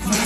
Yeah.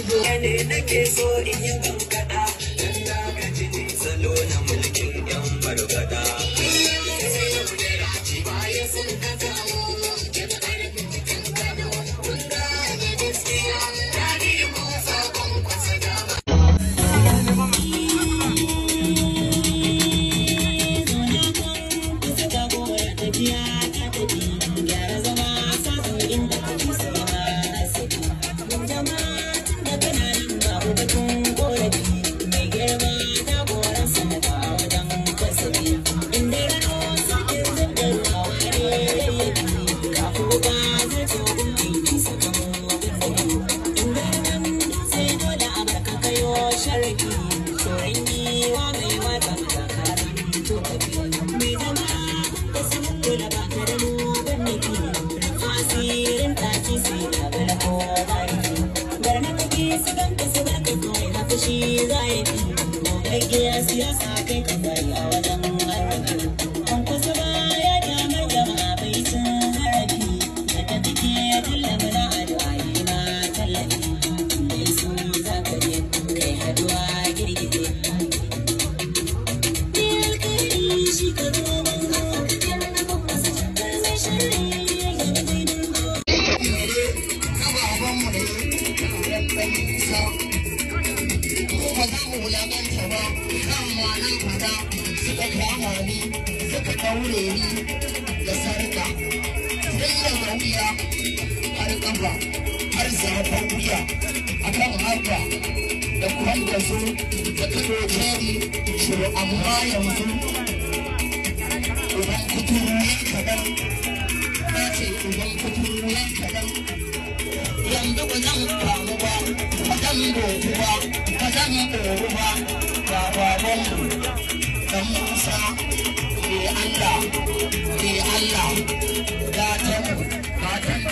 ne nake so in yi kankada dan na gaji ne salo na mulkin yan bargada bayan sun kasa siyasa kai kamar a wajen harafi an kusa baya damar jama'a bai sun harafi da ta take kullum na addu'a yi ma tallafi mai sun zaka kai haduwa girgije Thank you. ba za mu wulaganta ba kan ma na suka kama ni suka ɗaure ni da sarƙa sai da mawuya har ƙafa har zafan wuya kan haka da kwan da kiro jeri shiru amma yanzu uban kuturu ya kaɗan na ce uban kuturu ya kaɗan yanzu ba zan kamu ba ba zan doku ba sarki ɗoruwa ga babanmu ɗan musa ke allah ke allah gatanmu gatanmu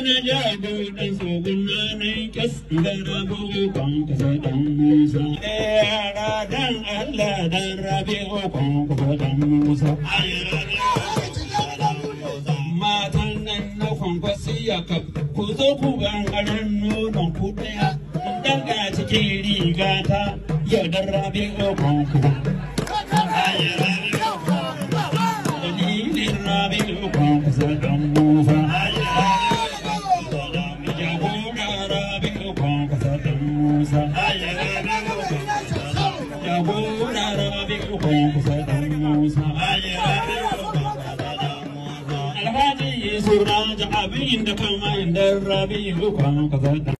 na ja dutsen na da na bugu kwan kusa dan musa yara dan allah dan kwan dan musa matan nan na kwankwasi ya kaf ku zo ku nonon ku daya cikin rigata yau dan rabi kwan ダービーンをご覧飾らた。